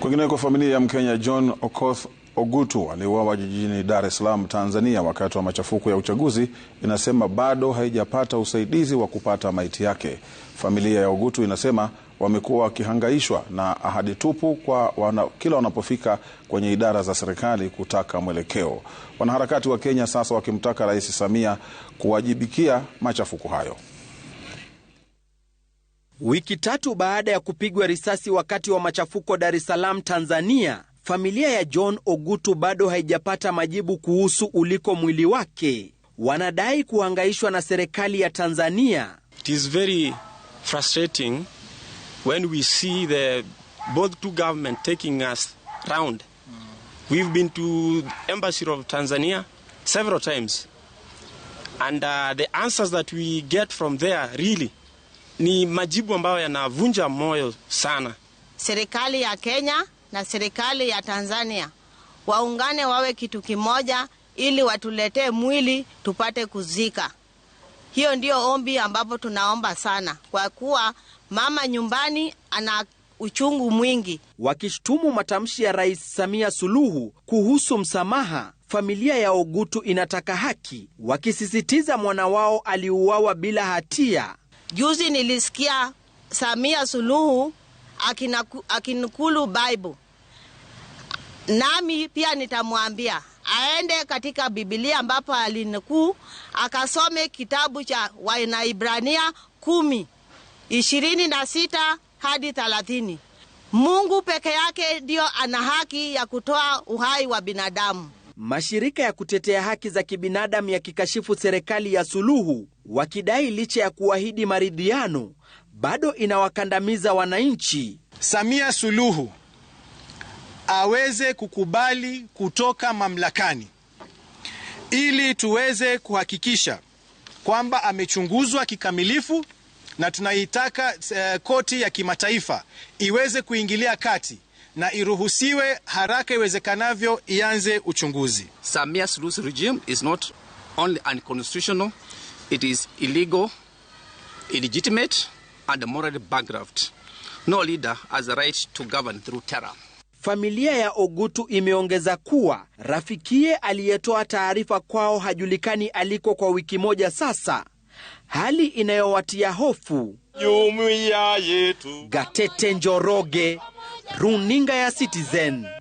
Kwingineko, familia ya Mkenya John Okoth Ogutu aliyeuawa jijini Dar es Salaam, Tanzania, wakati wa machafuko ya uchaguzi inasema bado haijapata usaidizi wa kupata maiti yake. Familia ya Ogutu inasema wamekuwa wakihangaishwa na ahadi tupu kwa wana, kila wanapofika kwenye idara za serikali kutaka mwelekeo. Wanaharakati wa Kenya sasa wakimtaka Rais Samia kuwajibikia machafuko hayo. Wiki tatu baada ya kupigwa risasi wakati wa machafuko Dar es Salaam, Tanzania, familia ya John Ogutu bado haijapata majibu kuhusu uliko mwili wake. Wanadai kuhangaishwa na serikali ya Tanzania. It is very frustrating when we see the both two government taking us round. We've been to embassy of Tanzania several times and uh, the answers that we get from there really ni majibu ambayo yanavunja moyo sana. Serikali ya Kenya na serikali ya Tanzania waungane wawe kitu kimoja, ili watuletee mwili tupate kuzika. Hiyo ndiyo ombi ambapo tunaomba sana, kwa kuwa mama nyumbani ana uchungu mwingi. Wakishtumu matamshi ya Rais Samia Suluhu kuhusu msamaha, familia ya Ogutu inataka haki, wakisisitiza mwana wao aliuawa bila hatia. Juzi nilisikia Samia Suluhu akinukulu Bible, nami pia nitamwambia aende katika Biblia ambapo alinukuu akasome kitabu cha Wanaibrania kumi ishirini na sita hadi thelathini. Mungu peke yake ndio ana haki ya kutoa uhai wa binadamu. Mashirika ya kutetea haki za kibinadamu yakikashifu serikali ya Suluhu wakidai licha ya kuahidi maridhiano bado inawakandamiza wananchi. Samia Suluhu aweze kukubali kutoka mamlakani ili tuweze kuhakikisha kwamba amechunguzwa kikamilifu, na tunaitaka uh, koti ya kimataifa iweze kuingilia kati na iruhusiwe haraka iwezekanavyo ianze uchunguzi. Samia Suluhu's regime is not only unconstitutional, it is illegal, illegitimate and morally bankrupt. No leader has the right to govern through terror. Familia ya Ogutu imeongeza kuwa rafikie aliyetoa taarifa kwao hajulikani aliko kwa wiki moja sasa, hali inayowatia hofu. Jumuiya yetu. Gatete Njoroge runinga ya Citizen.